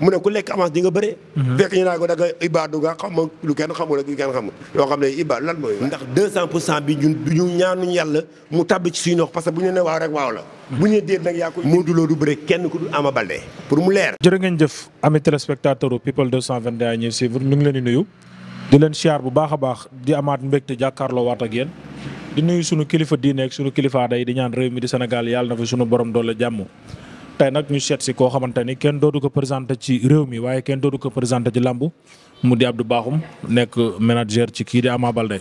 mu ne ku lekk avance di nga bëree. Mhm. fekk ñu naa ko daga ibaadu nga xam lu kenn xamul ak lu kenn xamul. yoo xam ne ibaadu lan mooy. ndax 200 pour cent bi ñun du ñu ñaanuñu yàlla mu tàbb ci suñu parce que bu ñu ne waaw rek waaw la. Mhm. bu ñu déet nag yaa ko. Modou Lo du bëre kenn ku dul Ama Baldé pour mu leer. jërë ngeen jëf ami téléspectateur people 221 ñuy suivre ñu ngi leen di nuyu. di leen siyaar bu baax a baax di amaat mbégte jàkkaarloo waat ak yéen. di nuyu sunu kilifa diine ak sunu kilifa day di ñaan réew mi di Sénégal yàlla na fi sunu borom doole tey nag ñu seet si koo xamante ni kenn doodu ko présenté ci réew mi waaye kenn dootu ko présenté ci làmb mu di Abdou baaxum nekk manager ci kii di Ama Baldé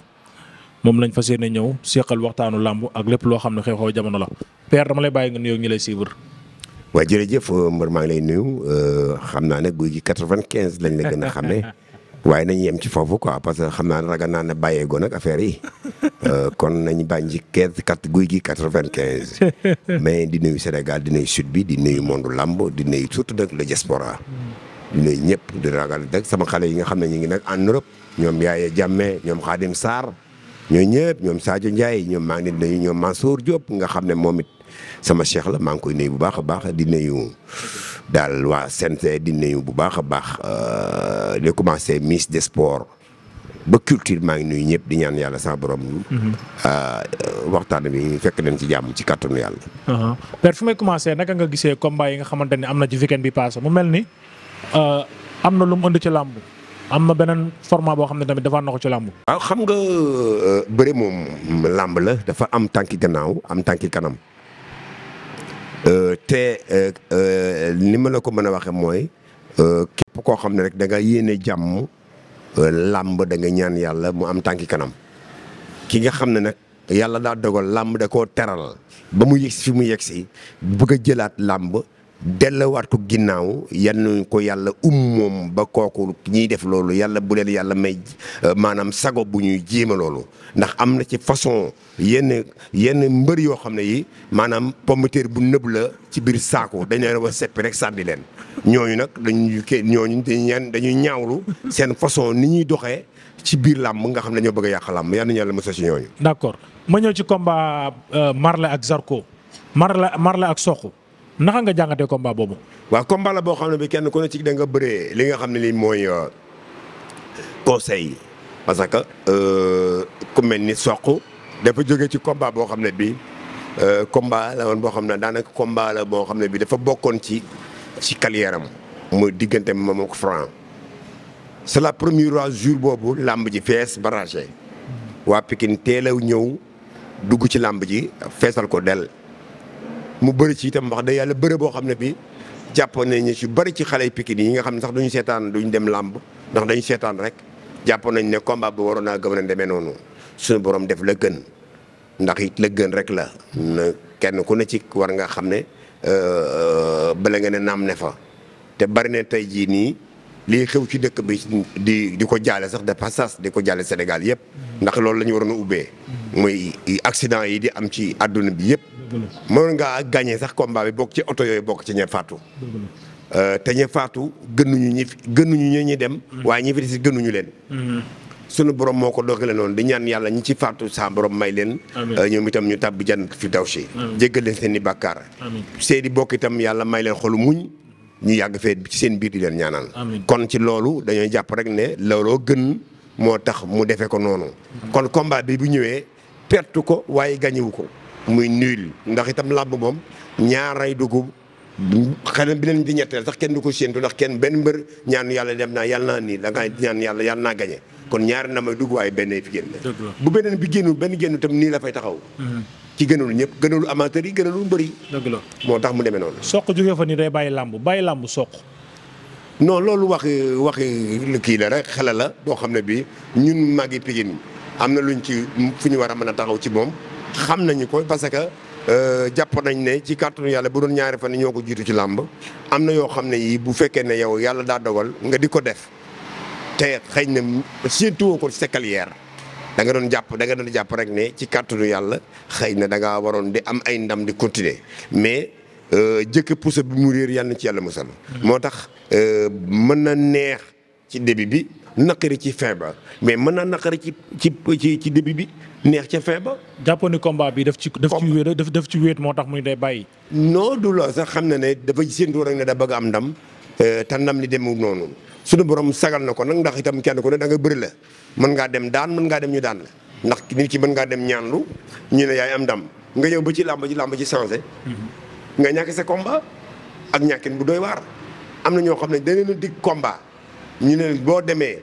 moom lañ fa yéene ñëw seqal waxtaanu làmb ak lépp loo xam ne xew-xew jamono la père dama lay bàyyi nga nuyoo ñu lay suivre. waaw jërëjëf mbër maa ngi lay nuyu euh, xam naa ne guy gi quatre-vingt-quinze lañ la gën a ne waaye nañu yem ci foofu quoi parce que xam naa ne ragal naa ne bàyyeegoo nag affaire yi euh, kon nañu bàñ ci quinze quatre guy gi quatre-vingt-quinze mais di nuyu Sénégal di nuyu sud bi di nuyu lambo làmb di nuyu surtout nag le diaspora di nuyu ñëpp di ragal nag sama xale yi nga xam ne ñu ngi nag en Europe ñoom Yaya Jammeh ñoom Khadim saar ñooñu ñëpp ñoom Sadio Ndiaye ñoom maa ngi leen di nuyu ñoom Mansour nga xam ne moom it sama cheikh la maa ngi koy nuyu bu baax a baax di daal waa CNG di nuyu bu baax a baax euh, di commencé ministre de sports ba culture maa ngi nuyu ñëpp di ñaan yàlla sax borom. Euh, waxtaan bi fekk leen ci jàmm ci kàttanu yàlla. Uh-huh. père fu may commencé naka nga gisee combat yi nga xamante ne am na ci weekend bi passé mu mel ni euh, am na lu mu ënd ci làmb. am na beneen format boo xam ne tamit dafa na ci làmb. waaw xam nga euh, bëre moom làmb la dafa am tànki gannaaw am tànki kanam euh, te euh, ni ma la ko mën a waxee mooy képp koo xam ne rek da nga yéene jàmm làmb danga ñaan yàlla mu am tànki kanam ki nga xam ne nag yàlla daa dogal làmb da koo teral ba mu yegsi fi mu yegsi bëgg a jëlaat làmb. dell waatu ginnaaw yan ko yàlla um moom ba kooku ñiy def loolu yàlla bu leen yàlla may euh, maanaam sago bu ñuy jéema loolu ndax am na ci façon yenn yenn mbër yoo xam ne yi maanaam pommeteer bu nëb la ci biir saako dañ leen war a seppi rek leen ñooñu nag dañuy ke ñooñu dañuy ñaawlu seen façon ni ñuy doxee ci biir làmb nga xam ne ñoo bëgg a yàq làmb yal nañu yàlla mos ci ñooñu. d'accord ma ñëw ci combat euh, Marley ak Zarko Marley Marley ak Sokh. naka nga jàngatee combat boobu. waaw combat boo xam ne bi kenn ku ne ci da nga bëree li nga xam ne nii mooy euh, conseil parce que euh, ku mel ni soq dafa jóge ci combat boo xam ne bi euh, combat la boo xam ne daanaka combat boo xam ne bi dafa bokkoon ci ci carrière am diggante moom ak c'est la première fois jour boobu làmb ji fees barrage waa Pikine teelaw ñëw dugg ci làmb ji feesal ko del mu bëri ci itam wax dëgg yàlla bëre boo xam ne bii jàppoon nañ ne ci bëri ci xale yu yi nga xam ne sax duñu seetaan duñu dem làmb ndax dañu seetaan rek jàppoon nañ ne combat bu waroon naa gëm na demee noonu suñu borom def la gën ndax it la gën rek la kenn ku ne ci war nga xam ne euh, bala nga ne naam ne fa te bari ne tey jii nii lii xew ci dëkk bi di di ko jaale sax de passage di ko jaale Sénégal yëpp ndax loolu la ñu waroon a ubbee mm. muy accident yi di am ci àdduna bi yëpp mënoon ngaa gañe sax combat bi bokk ci oto yooyu bokk ci ñe faatu. Euh, te ñe faatu gënuñu ñi gënuñu ñu ñi dem. waaye ñi si des gënuñu leen. sunu borom moo ko dogale noonu di ñaan yàlla ñi ci faatu sa borom may leen. Euh, ñoom itam ñu tàbb jant fi daw si. jéggal leen seen i bàkkaar. seedi bokk itam yàlla may leen xolu muñ. ñu yàgg fee ci seen biir di leen ñaanal. kon ci loolu dañooy jàpp rek ne looloo gën moo tax mu defee ko noonu. kon combat bi bu ñëwee perte ko waaye gañewu ko. muy nul ndax itam làmb moom ñaaray dugub xanaa bi leen di ñetteel sax kenn du ko séentu ndax kenn benn mbër ñaan yàlla dem naa yàlla naa nii da ñaan yàlla yàlla naa gañe kon ñaari na may dugg waaye benn fi génn bu beneen bi génnul benn génn itam nii la fay taxaw mm-hmm. ci gënalu ñëpp gënalu amateur yi gënalu mbër yi dëgg la moo tax mu demee noonu soq jógee fa ni day bàyyi làmb bàyyi làmb soq noo loolu wax waxi kii la rek xelal la boo xam ne bi ñun màggi Pikine am na luñ ci fu ñu war a mën a taxaw ci moom xam nañu ko parce que euh, jàpp nañ ne ci kàttanu yàlla bu doon ñaari fan ñoo ko jiitu ci làmb am na yoo xam ne yii bu fekkee ne yow yàlla daa dogal nga di ko def te xëy na surtout ko ci sa carrière da nga doon jàpp danga nga doon jàpp rek ne ci kàttanu yàlla xëy na da ngaa waroon di am ay ndam di continuer mais euh, jëkk pousse bi mu réer yàlla na ci yàlla musal mm-hmm. moo tax euh, mën na neex ci début bi. naqari ci fin ba mais mën naa naqari ci ci ci ci début bi neex ca fin ba. jàppoon ni combat bi daf ci. daf ci wéet daf ci wéet moo tax muy day bàyyi. non du la sax xam na ne dafa séntu rek ne da bëgg am ndam euh, te ndam li demul noonu suñu borom sagal na ko nag ndax itam kenn ko ne da nga bëri la mën ngaa dem daan mën ngaa dem ñu daan la ndax nit ci mën ngaa dem ñaanlu ñu ne yaay am ndam nga ñëw ba ci làmb ci làmb ci changé. Mhm. nga ñàkk sa combat ak ñàkkin bu doy waar. am na ñoo xam ne danañ dig combat. ñu ne boo demee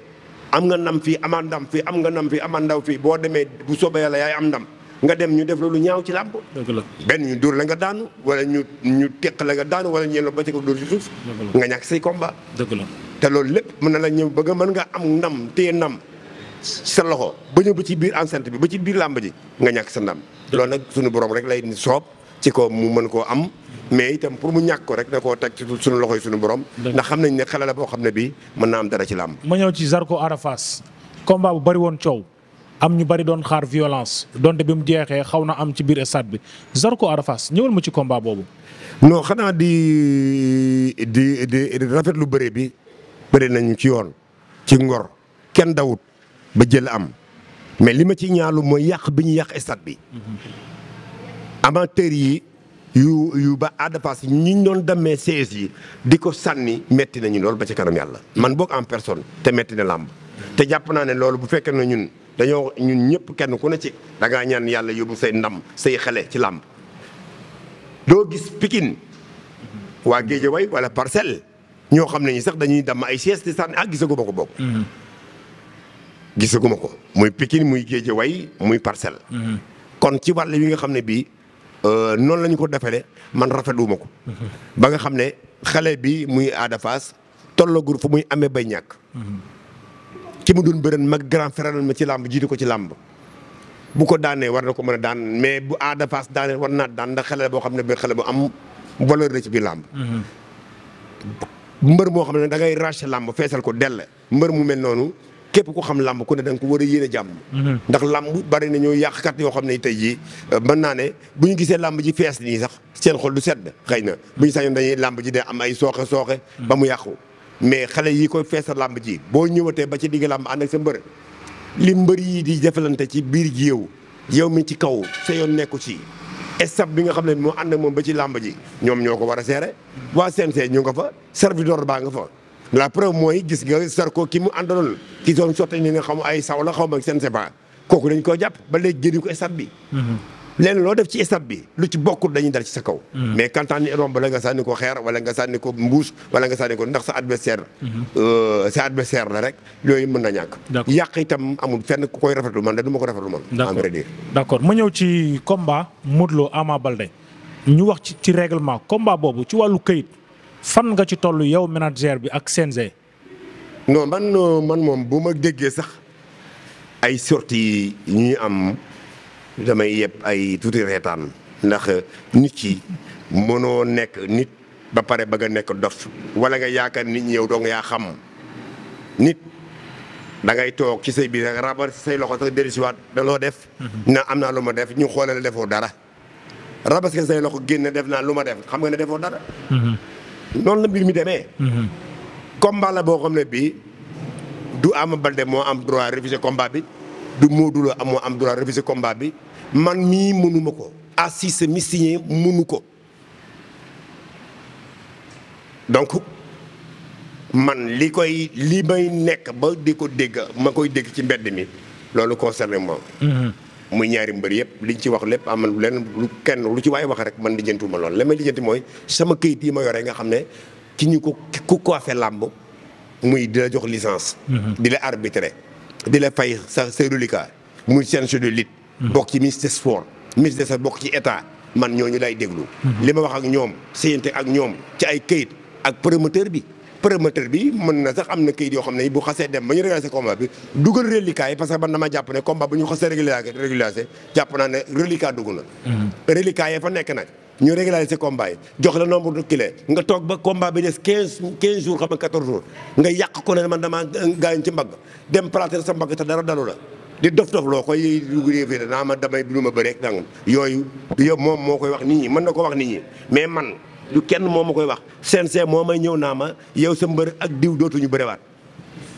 am nga nam fii amaat fii am nga ndam fii amaat ndaw fii boo demee bu soobee la yaay am ndam nga dem ñu def la lu ñaaw ci làmb benn ñu dóor la nga daanu wala ñu ñu teq la nga daanu wala ñeen la ba ci ko dóor ci suuf nga ñàkk say komba dëgg la te loolu lépp mën na la ñëw bëgg mën nga am ndam téye ndam sa loxo ba ñëw ba ci biir enceinte bi ba ci biir làmb ji nga ñàkk sa ndam loolu nag suñu borom rek lay soob ci ko mu mën koo am mais itam pour mu ñàkk ko rek da koo teg ci suñu loxoy suñu borom. ndax xam nañ ne xale la boo xam ne bii mën naa am dara ci làmb. ma ñëw ci Zarko Ada Fass bu bari woon coow am ñu bari doon xaar violence donte bi mu jeexee xaw na am ci biir stade bi Zarko Ada Fass ñëwal ma ci combat boobu. non xanaa di di di rafet lu bëre bi bëri nañu ci yoon ci ngor kenn dawut ba jël am mais li ma ci ñaalu mooy yàq bi ñu yàq stade bi. Mhm. amateur yi. yu yu ba à pass ñi ñu doon demee siège yi di ko sànni metti nañu loolu ba ci kanam yàlla man boog en personne te metti na làmb te jàpp naa ne loolu bu fekkee na ñun dañoo ñun ñëpp kenn ku ne ci da ngaa yàlla yóbbu say ndam say xale ci làmb doo gis Pikine waa way wala Parcelles ñoo xam ne ñi sax dañuy damm ay siège di sànni ak ah gisaguma ko bokk mm-hmm. gisaguma ko muy Pikine muy Guédiawaye muy Parcelles mm-hmm. kon ci wàll yi nga xam ne bii Euh, noonu lañu ñu ko defee man rafetuma ko. ba nga xam ne xale bi muy Ada Fass tollagul fu muy amee bay ñàkk. ki mu doon bëre mag grand frère ma ci làmb jiitu ko ci làmb. bu ko daanee war na ko mën a daan mais bu Ada Fass daanee war naa daan ndax xale boo xam ne ba xale bu am valeur la ci biir làmb. Mm-hmm. mbër moo xam ne dangay ngay raché làmb feesal ko dell mbër mu mel noonu. képp ku xam làmb ku ne da ku ko war a yéene jàmm mhm. ndax làmb bari na ñoo yàqkat yoo xam ne tey jii euh, mën naa ne bu ñu gisee làmb ji fees nii sax seen xol du sedd xëy na bu ñu sañoon dañuy làmb ji de am ay sooxe sooxe mhm. ba mu yàqu mais xale yi koy feesal làmb ji boo ñëwatee ba ci digg làmb ànd ak sa mbër li mbër yi di defalante ci biir géew yow mi ci kaw sa yoon nekku ci staff bi nga xam ne moo ànd moom ba ci làmb ji ñoom ñoo ko war a seere mhm. waa CNG ñu nga fa serviteur baa nga fa la preuve mooy gis nga Zarko ki mu àndaloon ki doon sotti ni nga xam ay saw la xaw ma seen sepa kooku dañ koo jàpp ba léegi génn ko stade bi. Mhm. lenn loo def ci stade bi lu ci bokkul dañuy dal ci sa kaw. Mhm. mais quand ni romb la nga sànni ko xeer wala nga sànni ko mbuus wala nga sànni ko ndax sa adversaire mhm. euh, sa adversaire la rek yooyu mën na ñàkk. yàq tam amul fenn ku koy rafetlu man de du ma ko rafetlu man. en vrai dire d'accord ma ñëw ci combat Modou loo Ama Baldé ñu wax ci ci règlement combat boobu ci wàllu këyit. fan nga ci tollu yow manager bi ak CNG. non man euh, man moom bu ma déggee sax ay sorti yi ñuy am damay yëpp ay tuuti reetaan ndax euh, nit ci mënoo nekk nit ba pare bëgg a nekk dof wala nga yaakaar nit ñi yow dong yaa xam nit. da ngay toog ci say biir rabar say loxo sax dellusiwaat da loo def. Mhm. na am naa lu ma def ñu xoolee la defoo dara rabas ke say loxo génn def naa lu ma def xam nga ne defoo dara. Mhm. noonu la mbir mi demee. Mhm. combat la boo xam ne bi du Ama Baldé moo am droit refuser combat bi du Modou Lo moo am droit refuser combat bi man mii mënuma ko Assis mi signé mënu ko donc man li koy li may nekk ba di ko dégg ma koy dégg ci mbedd mi loolu concerné moom. muy ñaari mbër yëpp liñ ci wax lépp am leen lu kenn lu ci waay wax rek man lijjantiwuma lool la may lijjanti mooy sama këyit yi ma yore nga xam ne ki ñu ko ku coiffé làmb muy di la jox licence. Mhm. di la arbitré di la fay sa reliquat mu seen de lutte. Mhm. bokk ci ministre sport de des bokk ci état man ñoo ñu lay déglu. Mhm. li ma wax ak ñoom séyante ak ñoom ci ay këyit ak promoteur bi. promoteur bi mën na sax am na kayit yoo xam ne bu xasee dem ba ñu régularisé combat bi dugal reliquat yi parce que man dama jàpp ne combat bu ñu xasee régularisé jàpp naa ne reliquat dugg na. Mhm. reliquat yi fa nekk nag. ñu régulariser combat yi jox la nombre de nga toog ba combat bi des 15 jours xam nga yàq ko ne man gaañ ci mbagg dem placer sa mbagg te dara dalu la. di dof dof loo koy dugg fii naa ma damay du ma bëri rek yooyu moom moo ko du kenn moo ma koy wax CNG moo may ñëw naa ma yow sa mbër ak diw dootuñu bëriwaat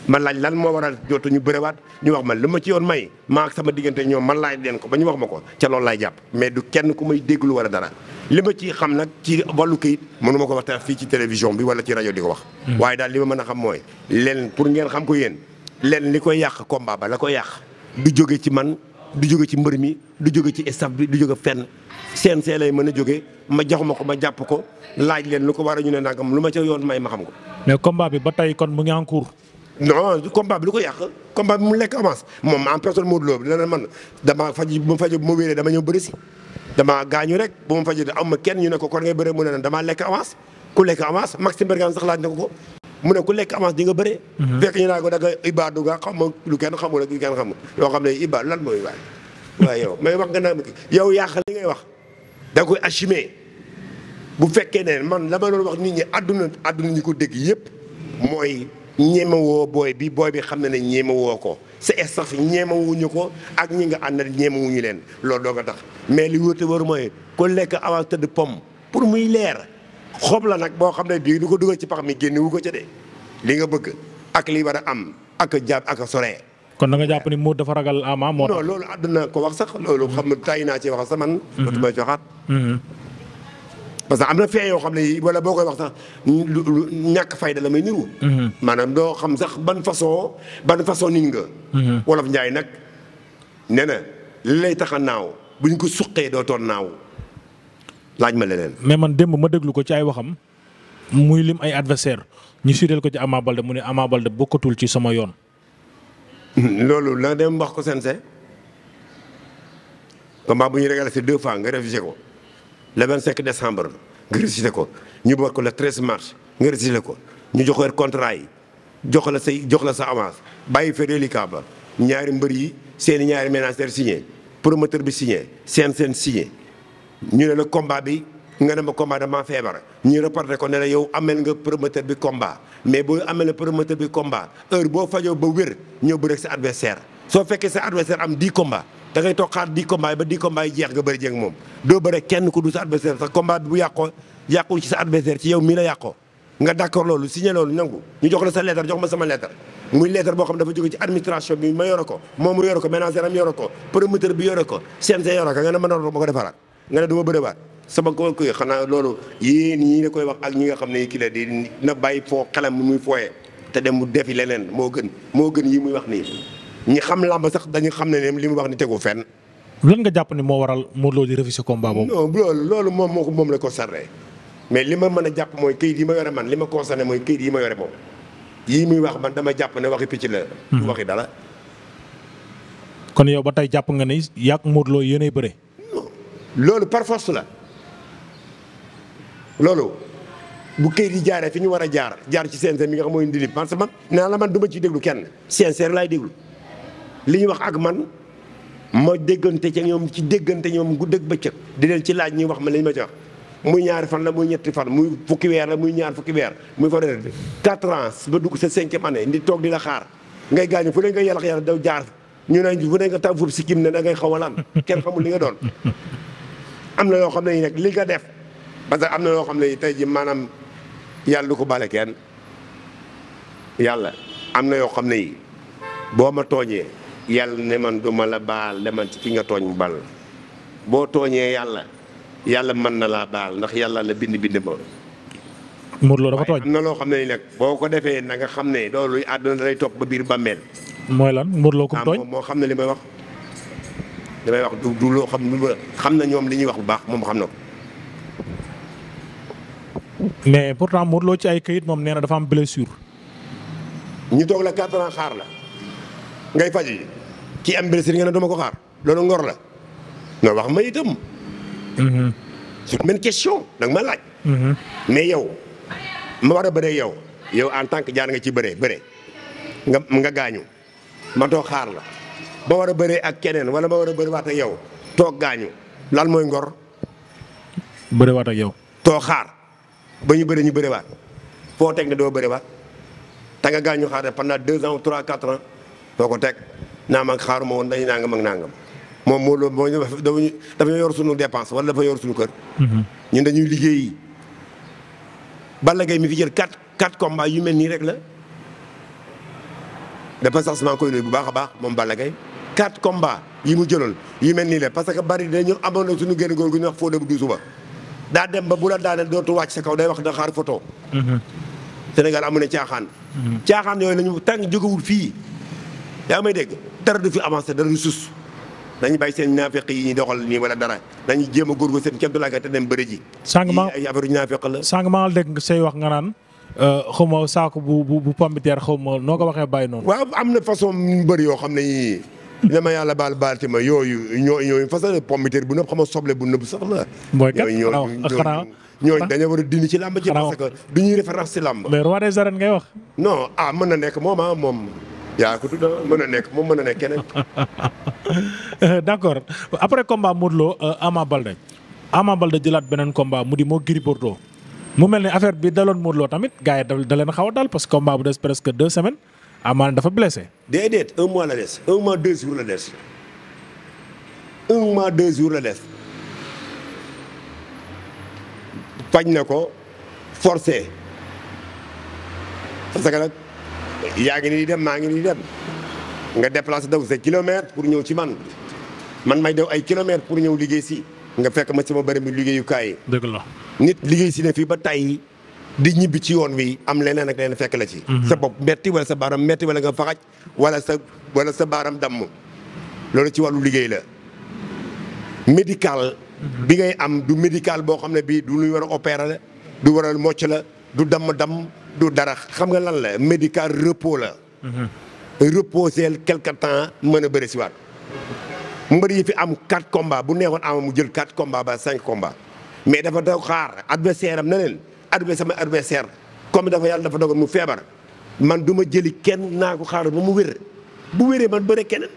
man laaj lan moo waral dootuñu bëriwaat ñu wax ma lu ma ci yoon may maa ak sama diggante ñoom man laaj leen ko ba ñu wax ma ko ca loolu laay jàpp mais du kenn ku may déglu wala dara li ma ci xam nag ci wàllu kayit mënuma ko wax waxtaan fii ci télévision bi wala ci rajo di ko wax hmm. waaye daal li ma mën a xam mooy leen pour ngeen xam ko yéen leen li koy yàq combat ba la koy yàq du jóge ci man du jóge ci mbër mi du jóge ci staff bi du jóge fenn CNC lay mën a jógee ma jox ma ko ma jàpp ko laaj leen lu ko war a ñu ne nangam lu ma ca yoon may ma xam ko. mais combat bi ba tey kon mu ngi en cours. non combat bi lu ko yàq combat bi mu lekk avance moom en personne Modou Lo dina ne man damaa faj bu ma fajee bu ma wéeree dama ñëw bëri si. damaa gaañu rek bu ma fajee am ma kenn ñu ne ko kon ngay bëree mu ne na damaa lekk avance ku lekk avance Maxime Bergan sax laaj na ko ko mu ne ku lekk avance di nga bëree. Mhm. fekk ñu naa ko da nga ibaadu nga xam ma lu kenn xamul ak lu kenn xamul yoo xam ne ibaad lan mooy ibaad. waaye yow mais wax nga naan yow yàq li ngay wax. da koy assumé bu fekkee ne man la ma wax nit ñi àdduna àdduna ñu ko dégg yépp mooy ñeemewoo booy bi booy bi xam na ne ñeemewoo ko sa staff ñeemewuñu ko ak ñi nga àndal ñeemewuñu leen loolu doo ko tax mais li wóote war mooy ko lekk awal tëdd pom pour muy leer xob la nag boo xam ne bii du ko dugal ci pax mi génn wu ko ca de li nga bëgg ak lii war a am ak jàpp ak soree kon da nga jàpp ni Modou dafa ragal Ama moo. loolu àdduna ko wax sax loolu xam nga tay naa ci wax sax man. Mhm. dootu may joxaat. Mhm. que am na fee yoo xam ne wala boo koy wax sax ñàkk fayda la may niru. Mhm. maanaam doo xam sax ban façon ban façon nit nga. Njaay nag nee na lay tax a naaw buñ ko suqee naaw laaj ma leneen. mais man démb ma déglu ko ci ay waxam muy lim ay adversaire ñu siiteel ko ci Ama Balde mu ne Ama Balde bokkatul ci sama yoon. loolu la dem wax ko CNG combat bu ñu réglé deux fois nga refusé ko le 25 décembre nga refusé ko ñu boot ko le 13 mars nga refusé ko ñu jox weer contrat yi jox la say jox la sa avance bàyyi fa reliquat ba ñaari mbër yi seen ñaari ménagères signé promoteur bi signé seen seen signé ñu ne la combat bi. nga ne ma combat damaa feebar ñu reporté ko ne la yow amel nga promoteur bi combat mais boo amel promoteur bi combat heure boo fajoo ba wér ñëw bëre ak sa adversaire soo fekkee sa adversaire am di combat da ngay toog xaar 10 combat yi jeex nga bëri jeeg moom doo kenn ku du sa adversaire sa combat bi bu yàqoo yàqul ci sa adversaire ci yow mii la yàqoo nga d'accord loolu signé loolu nangu ñu jox la sa lettre jox ma sama lettre muy lettre boo xam dafa jóge ci administration bi ma yore ko moom mu yore ko manager ko promoteur bi yore ko CNG yore ko nga ko defaraat nga ne du ma sama góor ko xanaa loolu yéen ñii la koy wax ak ñi nga xam ne kii la di na bàyyi foo xelam mu muy fooyee te dem mu defi leneen moo gën moo gën yii muy wax nii ñi xam làmb sax dañu xam ne ne li mu wax ni tegu fenn. lan nga jàpp ne moo waral Modou Lo di refuser combat boobu. non loolu loolu moo la ko sarree mais li ma mën a jàpp mooy këyit yi ma yore man li ma concerné mooy këyit yi ma yore moom yii muy wax man dama jàpp ne waxi picc la. du hmm. waxi dara. kon yow ba tey jàpp nga ni yàgg Modou Lo yéenay bëre. loolu par la. loolu bu këyit yi jaaree fi ñu war a jaar jaar ci CNG mi nga xam mooy ndilib parce que man naa la man du ma ciy déglu kenn sincère laay déglu li ñu wax ak man ma déggante ci ñoom ci déggante ñoom guddeeg bëccëg di leen ci laaj ñuy wax ma lañ ma ci wax muy ñaari fan la muy ñetti fan muy fukki weer la muy ñaar fukki weer muy fa dee quatre ans ba dugg sa cinquième année ndi toog di la xaar ngay gaañu fu ne nga yàlla yàlla daw jaar ñu ne fu ne nga taw si kim ne da ngay xaw a lan kenn xamul li nga doon am na yoo xam ne nag li def parce que am na loo xam ne tey ji maanaam yàlla du ko bale kenn yàlla am na yoo xam ne yi boo ma tooñee yàlla ne man du ma la baal demal ci ki tooñ mu bal boo tooñee yàlla yàlla mën na laa baal ndax yàlla la bind bind ma. Modou Lo dafa tooñ am na loo xam ne nag boo ko defee na nga xam ne loolu àdduna da topp ba biir bàmmeel. mooy lan Modou Lo ku ah, tooñ moo xam ne li may wax li may wax du du loo xam lu xam na ñoom li ñuy wax bu baax moom xam na ko. mais pourtant Modou Lo ci ay këyit moom nee dafa am blessure. ñu toog la quatre ans xaar la ngay faj yi kii am blessure nga ne dama ko xaar loolu ngor la non wax ma itam. Mhm. c'est une question da ma laaj. Mhm. mais yow ma war a bëree yow yow en tant que jaar nga ci bëree bëree nga gaañu ma toog xaar la ba war a bëree ak keneen wala ma war a bëree waat ak yow toog gaañu lan mooy ngor. bëree waat ak toog xaar. ba ñu bëri ñu bëriwaat foo teg ne doo bëriwaat te nga gaañu xaar pendant deux ans ou trois quatre ans doo ko teg na ma xaaruma woon dañuy nangam ak nangam moom moo loolu moo ñu dafa yor suñu dépense wala dafa yor suñu kër. Mhm. ñun dañuy liggéeyi. Balla Gaye mi fi jël quatre quatre combats yu mel nii rek la dafa sax maa koy nuyu bu baax a baax moom Balla Gaye quatre combats yi mu jëloon yu mel nii la parce que bari dañu amoon na suñu génn góor gu ñuy wax foo dem du suba. daa dem ba bu la daaneel dootu wàcc sa kaw day wax da xaar photo mhm. Sénégal amu ne caaxaan mhm. caaxaan yooyu nañu tàng jógewul fii yaa may dégg dara du fi avancé dara du sus nañu bàyyi seen naafeq yi ñuy doxal nii wala dara nañu jéem a góorgóorlu seen kéem tolluwaay te dem bëri ji. sànq maa ay affaire yu naafeq la. dégg nga say wax nga naan euh, xaw ma saako bu bu bu pomme xaw ma noo ko waxee bay noonu. waaw am na façon yu bëri yoo xam ne ma yàlla baal baal te ma yooyu ñoo ñooñu façon pommiteer bu nëb xam nga soble bu nëb sax la. mooy kat xanaa ñooñu dañoo war a dindi ci làmb ci parce que du ñuy référence ci làmb. mais roi des arènes ngay wax. non ah mën na nekk moom ah moom. yaa ko tudd mën na nekk moom mën na nekk keneen. d'accord après combat euh, mu ne affaire bi daloon Modou Lo tamit gars yi da leen xaw a dal parce que combat bu des presque deux semaines. Ama dafa blessé. déedéet un mois la des un mois deux jours la des un mois deux jours la des faj na ko forcé parce que nag yaa ngi nii dem maa ngi nii dem nga déplacé daw sa kilomètre pour ñëw ci man man may daw ay kilomètres pour ñëw liggéey si nga fekk ma sama bërëb bi liggéeyukaay. dëgg la nit liggéey si ne fii ba tey. di ñibbi ci yoon wi am leen ak leneen fekk la ci. Mhm. sa bopp metti wala sa baaram metti wala nga faxaj wala sa wala sa baaram damm loolu ci wàllu liggéey la médical. Mhm. bi ngay am du médical boo xam ne bii du luy war a la du waral mocc la du damm damm du dara xam nga lan la médical repos la. Mhm. reposer quelque temps mën a bëri si waat mbër yi fi am quatre combats bu neexoon am mu jël quatre combats ba cinq combats mais dafa daw xaar adversaire am armé sama adversaire comme dafa yàlla dafa dogal mu feebar man du ma jëli kenn naa ko xaaral ba mu wér bu wéree man bëre keneen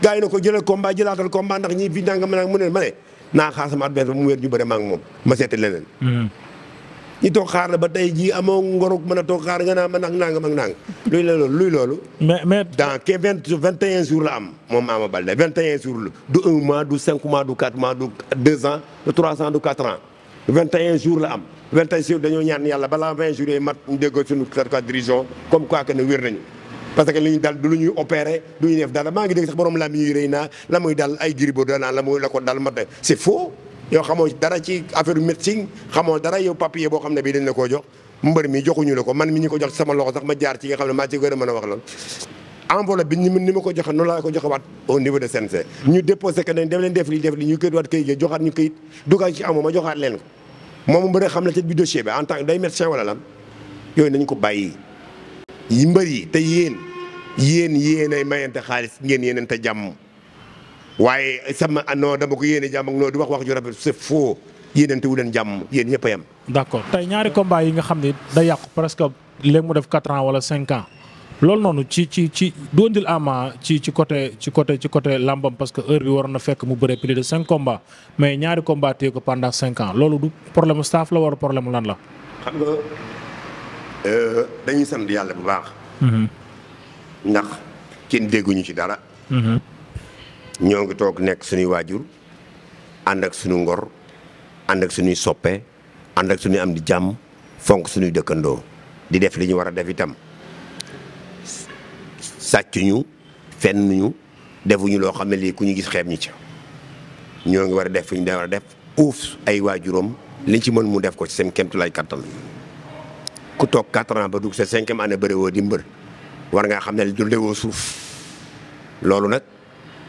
gars yi na ko jëlal combat jëlaatal combat ndax ñi fi nangam nag mu ne ma ne naa xaar sama adversaire ba mu wér ñu bëre ma ak moom ma seeti leneen. Hmm. ñi toog xaar la ba tey jii amoo ngoro mën a toog xaar nga naa man ak nangam ak nang luy loolu luy loolu. mais mais dans que vingt vingt et la am moom Ama Baldé vingt et un jours du un mois 21 jours la am 21 jours dañoo ñaan yàlla balaa 20 jours yooyu mat ñu déggoo suñu certificat de guérison comme quoi que wér nañu. parce que li ñu dal du lu ñuy opéré du ñu def dara maa ngi dégg sax borom lam yi rëy naa la muy dal ay gribo da naan la muy la ko dal mat c'est faux yow xamoo dara ci affaire médecine xamoo dara yow papier boo xam ne bii dañ la koo jox mbër mi joxuñu la ko man mi ñu ko jox sama loxo sax ma jaar ci nga xam ne maa ci a mën a enveloppe bi ni ma ko joxe noonu laa ko joxe waat au niveau de CNG. ñu déposé que ne dem leen def li def li ñu këyit waat këyit yi joxaat ci amoo ma joxaat leen ko moom mbër xam na ci bi dossier bi en tant que yooyu nañ ko bàyyi. yi mbër yi te yéen yéen yéenay mayante xaalis ngeen yéenante jàmm waaye sama non dama ko yéene jàmm ak noonu di wax wax ju rafet c'est faux yéenante wu leen jàmm yéen ñëpp a yem. d'accord tey ñaari combat yi nga xam ne da yàqu presque léegi mu def 4 ans wala 5 ans. loolu noonu ci ci ci du andil Ama ci ci côté ci côté ci côté làmbam parce que heure bi waroon na fekk mu bëree plus de cinq combats mais ñaari combats téye ko pendant cinq ans loolu du problème staff la wala problème lan la. Euh, sant yàlla bu baax. Mhm. ndax kenn ci dara. Mhm. ñoo ngi toog nekk suñuy waajur ànd ak suñu ngor ànd ak suñuy soppe ànd ak suñuy am di jàmm fonk suñuy dëkkandoo di def li ñu war a def itam. sàccuñu nuñu defuñu loo xam ne lii ku ñu gis xeeb ñi ca ñoo ngi war a def fu ñu war a def uuf ay waajuram liñ ci mën mu def ko ci seen kéemtu lay kattan ku toog 4 ans ba dugg sa cinquième année bëri woo di mbër war ngaa xam ne du dewoo suuf loolu nag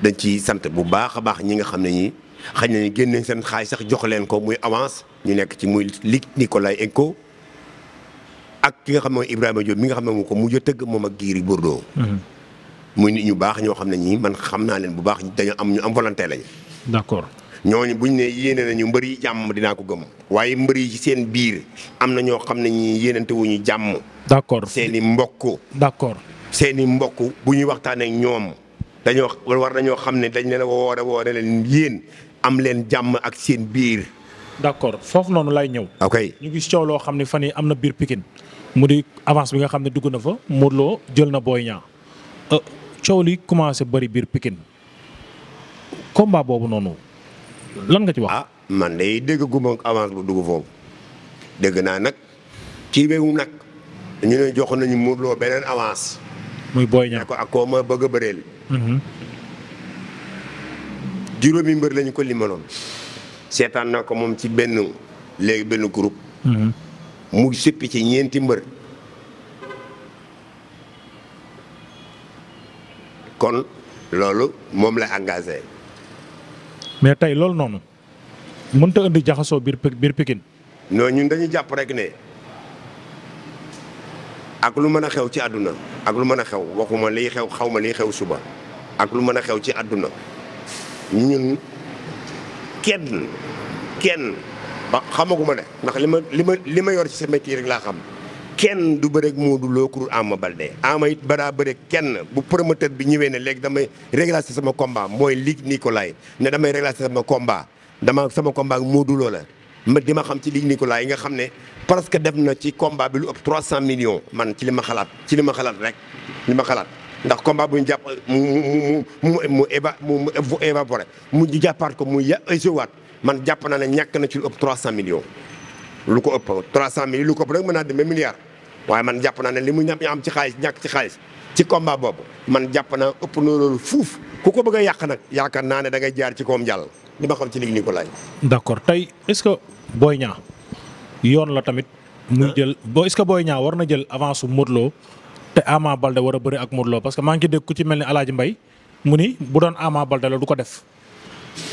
dañ ci sant bu baax a baax ñi nga xam ne ñi xañ nañu génne seen xaay sax jox leen ko muy avance ñu nekk ci muy ko lay Enko ak ki nga xam ne mooy Ibrahima Diop mi nga xam ne mu ko mujj a tëgg moom ak Giri Bordeaux mm-hmm. muy nit ñu baax ñoo xam ne ñii man xam naa leen bu baax dañoo am ñu am volonté lañu. d'accord ñooñu buñ ne yéene nañu mbër yi jàmm dinaa ko gëm. waaye mbër yi ci seen biir am na ñoo xam ne ñii yéenante wuñu jàmm. d'accord seen i mbokk. d'accord seen i mbokk bu ñuy waxtaanee ñoom dañoo war nañoo xam ne dañ leen a woore leen yéen am leen jàmm ak seen biir. d'accord foofu noonu lay ñëw. ñu gis coow loo xam ne fan yii am na biir Pikine mu di avance bi nga xam ne dugg na fa Modou loo jël na Boy Niang euh, coow li commencé bari biir Pikine combat boobu noonu lan nga ci wax. Ah, man day dégg guma avance bu dugg foofu dégg naa nag ci réewum nag ñu ne jox nañu Modou Lo beneen avance. muy Boy Niang ko ak koo bëgg a bëreel. Mhm. juróomi mbër lañu ko limaloon seetaan na ko moom ci benn léegi benn groupe. Mhm. mu sëppi ci ñeenti mbër. kon loolu moom la engagé. mais tey loolu noonu mënut a indi jaxasoo biir biir Pikine. non ñun dañu jàpp rek ne ak lu mën a xew ci àdduna ak lu mën a xew waxuma liy xew xaw ma liy xew suba ak lu mën a xew ci àdduna ñun kenn kenn ba xamaguma ne ndax li ma li ma li ma yor ci sa metti rek laa xam. kenn du bëreeg Modou Lo kur Ama Baldé Ama it baraa bëreeg kenn bu promoteur bi ñëwee ne léegi damay réglager sama combat mooy Luc Nicolaï ne damay réglager sama combat dama sama combat ak Modou Lo la ma di ma xam ci Luc Nicolaï yi nga xam ne parce que def na ci combat bi lu ëpp 300 millions man ci li ma xalaat ci li ma xalaat rek li ma xalaat ndax combat bu ñu jàpp mu mu mu mu éva mu évaporé mu jàppaat ko mu ya échouwaat man jàpp naa ne ñàkk na ci lu ëpp 300 millions. lu ko ëpp 300 millions lu ko ëpp rek mën naa demee milliard. waaye man jàpp naa ne li mu ñam am ci xaalis ñàkk ci xaalis ci combat boobu man jàpp naa ëpp na loolu fuuf ku ko bëgg a yàq nag yaakaar naa ne da jaar ci koom jàll li ma xam ci ko Nicolaï. d'accord tey est-ce que booy ñaa yoon la tamit. muy jël boo est-ce que Boy Niang war na jël avance su Modou Lo te Ama Balde war a bëri ak Modou Lo parce que maa ngi dégg ku ci mel ni Alaaji Mbay mu ni bu doon Ama Balde la du ko def.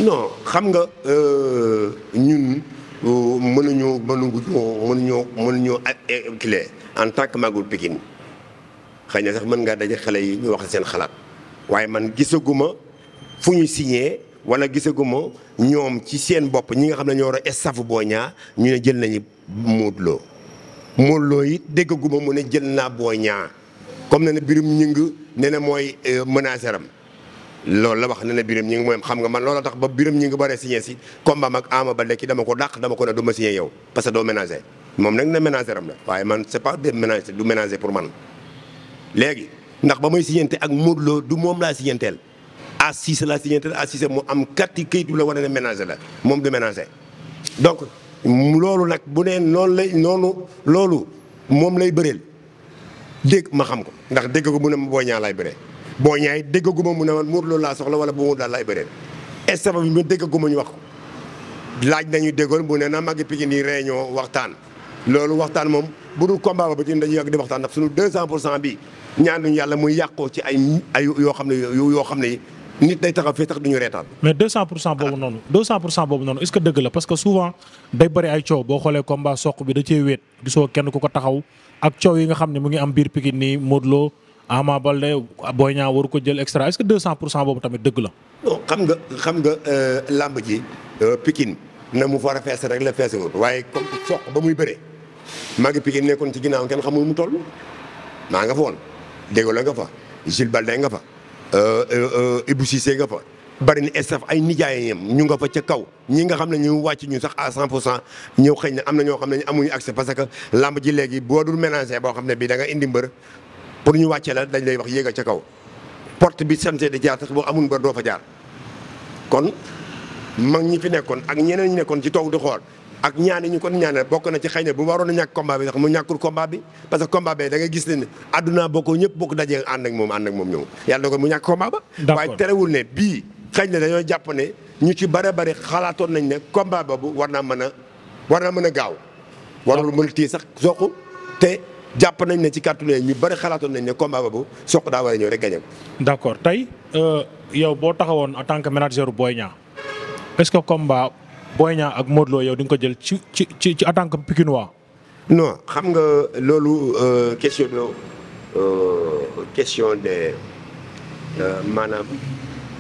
non xam nga euh, ñun euh, mënuñu mënuñu mënuñu mënuñu mënuñu euh, en tant que magul Pikine xëy na sax mën ngaa daje xale yi ñu wax seen xalaat waaye man gisaguma fu ñu signé wala gisaguma ñoom ci seen bopp ñi nga xam ne ñoo war a staff Boy Niang ñu ne jël nañu Modou Lo Modou Lo it déggaguma mu ne jël naa booy ñaar comme ne na birum ñing ne na mooy euh, menacer am loolu la wax ne na birum ñing mooy xam nga man loolu tax ba birum ñing bare signé si combat ak Ama Baldé ki dama ko daq dama ko ne du ma yow parce que doo ménager moom nag na ménager am la waaye man c'est pas des ménager du ménager pour man léegi ndax ba may signante ak Modou Lo du moom laa signanteel à Cissé laa signanteel à Cissé mu am katti kayitu la war a ne ménager la moom du ménager donc loolu nag bu nee noonu lay noonu loolu moom lay bëreel dégg ma xam ko ndax dégg ko mu ne ma boo ñaa laay bëree boo ñaay déggaguma mu ne man Modou Lo laa soxla wala bu mu daal laay bëreel estaba bi ma ñu wax ko laaj nañu déggoon bu ne na magi Pikine yi réunion waxtaan loolu waxtaan moom bu dul combat ba ba ci dañuy yàgg di waxtaan ndax suñu pour cent bi ñaanuñu yàlla muy yàqoo ci ay yoo xam ne yoo xam ne nit day taxaw fee tax du ñu reetaan. mais 200 pour cent boobu noonu. 200 pour cent boobu noonu est-ce que dëgg la parce que souvent day bëri ay coow boo xoolee combat soq bi da cee wéet gisoo kenn ku ko taxaw ak coow yi nga xam ne mu ngi am biir Pikine nii Modou Lo Ama Baldé Boy Niang waru ko jël extra est-ce que 200 xam nga xam nga euh, ji euh, Pikine na mu war a fees rek la feesewul waaye comme soq ba muy bëree. maa ngi Pikine nekkoon ci ginnaaw kenn xamul mu toll maa nga fa woon Dégol la nga fa Jules Baldé nga fa euh, euh, euh, Ibou Cissé nga fa bari na staff ay nijaayam ñu nga fa ca kaw ñi nga xam ne ñu wàcc ñu sax à 100 pour cent ñëw xëy na am na ñoo xam ne amuñu accès parce que lamb ji léegi boo dul mélangé boo xam ne bii da nga indi mbër pour ñu wàccee la dañ lay wax yéega ca kaw porte bi santé di jaar sax boo amul mbër doo fa jaar kon mag ñi fi nekkoon ak ñeneen ñi nekkoon ci toog di xool ak ñaan yi ñu kon ñaanal bokk na ci xëy na bu waroon a ñàkk combat bi sax mu ñàkkul combat bi parce que combat bi da ngay gis ne ne àdduna bokkoo ñëpp bokk dajee ànd ak moom ànd ak moom ñëw yàlla dogal mu ñàkk combat ba waaye ne bii xëy na dañoo ne ñu ci bare bari xalaatoon nañ ne combat boobu war naa mën a war naa mën a gaaw warul mën a téye sax soq te jàpp nañ ne ci kàttanu ñu bari xalaatoon nañ ne combat boobu soq daa war ñëw rek gagné ko d'accord tey euh, yow boo taxawoon en tant que manager Boy Niang est-ce que combat Boy ñaa ak Modou Lo yow di ko jël ci ci ci en tant que Pikinois. non xam nga loolu euh, question de euh, question euh, maanaam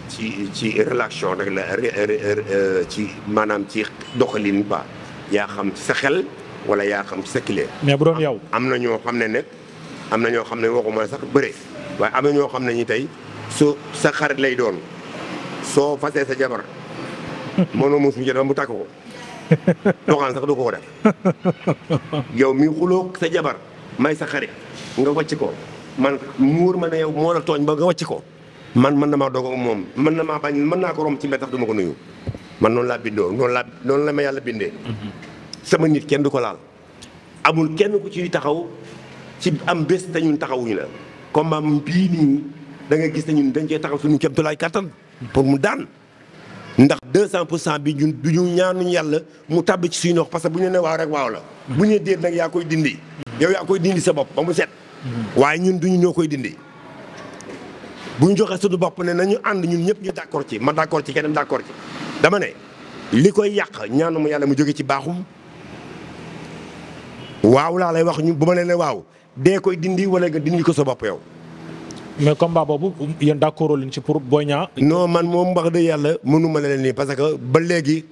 ci ci relation rek la ci maanaam ci doxalin ba yaa xam sa xel wala yaa xam sa clé. mais bu doon yow am na ñoo xam ne nag am na ñoo xam ne waxuma sax bëre waaye am na ñoo xam ne ñi tey su sa xarit lay doon soo fasee sa jabar. moom moom suñu jabar mu tàkk ko doxaan sax du ko ko def yow mi xuloo sa jabar may sa xarit nga wàcc ko man mu wóor ma ne yow moo la tooñ ba nga wàcc ko man mën na maa doog moom man na maa bañ mën naa ko romb ci mbedd sax du ma ko nuyu man noonu laa bindoo noonu laa noonu la ma yàlla bindee sama nit kenn du ko laal amul kenn ku ci taxaw ci am bés te ñun taxawuñu la comme am bii nii da gis ne dañ cee taxaw suñu kéemtulaay kattan pour mu daan ndax deux 200 pour cent bi ñun du ñu ñaanuñu yàlla mu tàbb ci suñu wax parce que bu ñu ne waaw rek waaw la. bu ñu déet nag yaa koy dindi. yow yaa koy dindi sa bopp ba mu set. waaye ñun duñu ñoo koy dindi. bu ñu joxee du bopp ne na ñu ànd ñun ñëpp ñu d'accord ci ma d'accord ci keneen d'accord ci dama ne li koy yàq ñaanu mu yàlla mu jóge ci baaxum waaw laa lay wax ñu bu ma leen ne waaw dee koy dindi wala nga dindi ko sa bopp yow. mais combat boobu yéen d' accord leen ci pour Boy Niang. non man moom wax dëgg yàlla mënuma leen nii parce que ba léegi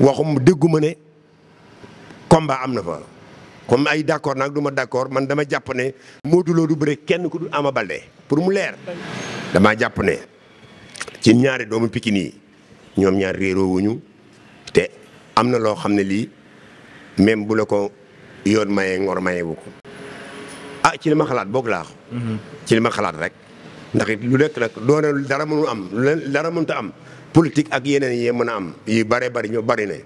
waxum dégguma ne combat am na fa comme ay d' accord nag du ma d' accord man dama jàpp ne Modou Lo du bëre kenn ku dul Ama Baldé pour mu leer damaa jàpp ne ci ñaari doomu Pikine yi ñoom ñaar réeroo wuñu te am na loo xam ne lii même bu la ko yoon maye ngor maye wu ah ci li ma xalaat boog laax ci li ma xalaat rek ndax it lu nekk nag doone dara mënu am dara mënut a am politique ak yeneen yi mën a am yu bëree bari ñoo bari ne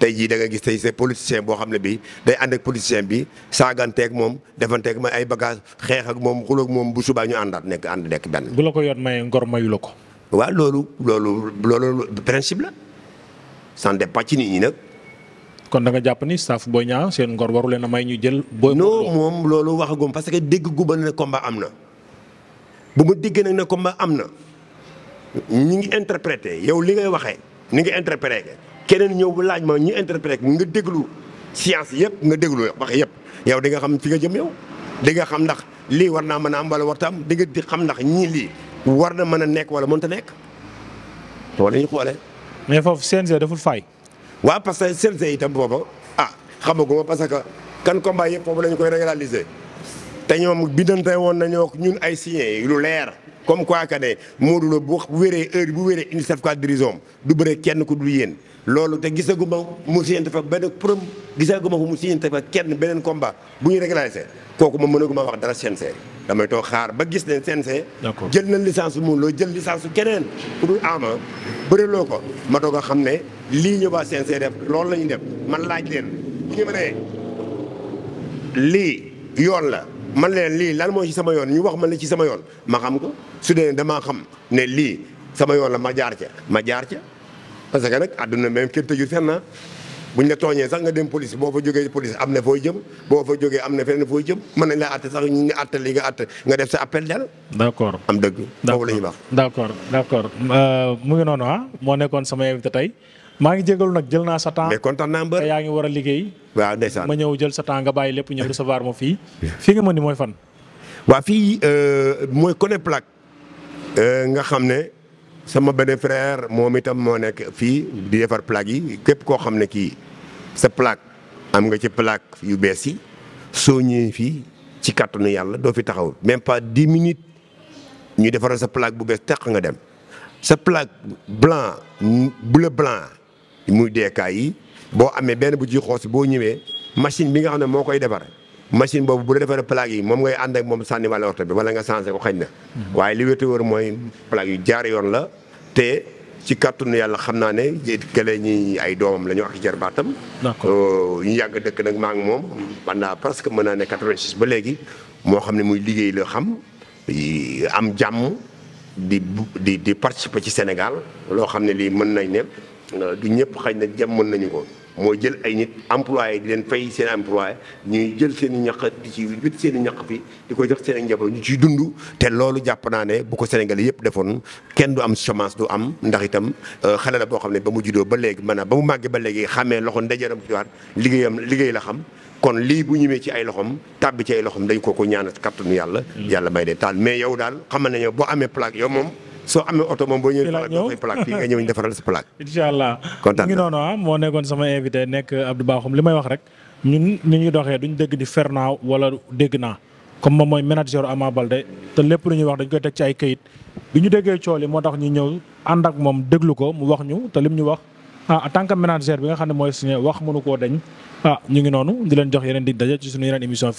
tey jii da nga gis tey c'est politicien boo xam ne bii day ànd ak politicien bi saaganteeg moom defanteeg ma ay bagage xeexak ak moom xulóog moom bu subaa ñu àndaat nekk ànd nekk benn bu la ko yoon maye ngor mayu la ko waa loolu loolu loolu principe la ça dépend ci nit ñi nag kon da nga jàpp ni staff Boy Niang seen ngor waru leen a may ñu jël. booy non moom loolu waxagum parce que dégg gu ba ne combat am na bu mu dégg nag ne combat am na ñi ngi interprété yow li ngay waxe ni nga interprété keneen ñëw bu laaj ma ñu interprété nga déglu science yëpp nga déglu wax yëpp yow di nga xam fi nga jëm yow. di nga xam ndax lii war naa mën a am wala warta am di nga di xam ndax ñii lii war na mën a nekk wala mënta nekk loolu la ñuy xoolee. mais foofu CNG daful fay. waa parce que CNG itam booba ah xamagu ma parce que kan combat yëpp boobu lañu koy régulariser te ñoom bindante woon nañoo ñun ay signé yu leer. comme quoi que ne Modou Lo bu wéree heure bu wéree indi saf quadrison du bëree kenn ku du yéen loolu te gisaguma mu signante fa benn prom gisaguma ko mu signante fa kenn beneen combat bu ñu régularisé kooku ma mënaguma wax dara CNG damay toog xaar ba gis ne CNG jël na licence Modou Lo jël licence keneen ku dul Ama bëriloo ko ma doog a xam ne lii ñu waa def loolu la ñu def man laaj leen bu ñu ma lii yoon la man leen lii lan mooy ci sama yoon ñu wax ma la ci sama yoon ma xam ko su dee damaa xam ne lii sama yoon la ma jaar ca ma jaar ca parce que nag àdduna même kenn tëjul fenn ah. bu ñu la tooñee sax nga dem police boo fa jógee police am ne fooy jëm boo fa jógee am na feneen fooy jëm mën nañ laa àtte sax ñu nga àtte li nga àtte nga def sa appel del d'accord am dëgg. foofu la ñuy wax. d'accord d'accord euh, mu ngi noonu ah moo nekkoon sama invité tey. maa ngi jégalu nag jël naa sa temps mais kontaan naa mbër yaa ngi war a liggéey. waaw ndeysaan ma ñëw jël sa temps nga bàyyi lépp ñëw recevoir ma fii. fii nga mën ni mooy fan. waa fii euh, mooy Kone Plaque euh, nga xam ne sama benn frère moom itam moo nekk fii di defar plaque yi képp koo xam ne kii sa plaque am nga ci plaque yu bees yi soo ñëwee fii ci kàttanu yàlla doo fi taxaw même pas dix minutes ñu defaral sa plaque bu bees teq nga dem sa plaque blanc bleu blanc. muy deekaay yi boo amee benn bu ci xoos boo ñëwee machine bi nga xam ne moo koy defar machine boobu bu la defaree plaque yi moom ngay ànd ak moom sànni wala orto bi wala nga changé ko xëy na. waaye li wétu wër mooy plaque yu jaar yoon la te ci kàttanu yàlla xam naa ne kële ñi ay doomam la ñu ak jarbaatam. d'accord euh, ñu yàgg dëkk nag maa ngi moom. parce que mën naa ne 86 ba léegi moo xam ne muy liggéey loo xam am jàmm di di di participer ci Sénégal loo xam ne lii mën nañ ne. du ñëpp xaj na jam nañu ko moo jël ay nit employé di leen fay seen employé ñuy jël seen i ñaq di ci wit seen i ñaq fi di ko jox seen ak njaboot ñu ciy dund te loolu jàpp naa ne bu ko Sénégalais yëpp defoon kenn du am chômage du am ndax itam euh, xale la boo xam ne ba mu juddoo ba léegi maanaam ba mu màggee ba léegi xamee loxo ndajaram ci waat liggéeyam liggéey la xam kon lii bu ñëwee ci ay loxom tàbbi ci ay loxom dañ ko ko ñaanal kattanu yàlla. Mm. yàlla may de taal mais yow daal xamal nañu boo amee plaque yow moom. soo amee oto moom boo ñëwee. fii plaque fii nga ñëw ñu defaral sa plaque. incha allah ngi noonu ah moo nekkoon sama invité nekk Abdou Bakhoum li may wax rek ñun ñu ñuy doxee duñ dégg di fer naa wala dégg naa comme moom mooy manager Ama Baldé te lépp lu ñuy wax dañ koy teg ci ay kayit bi ñu déggee cool yi moo tax ñu ñëw ànd ak moom déglu ko mu wax ñu te lim ñu wax ah en tant que manager bi nga xam ne mooy signé wax mënu ko dañ ah ñu ngi noonu di leen jox yeneen di daje ci suñu yeneen émission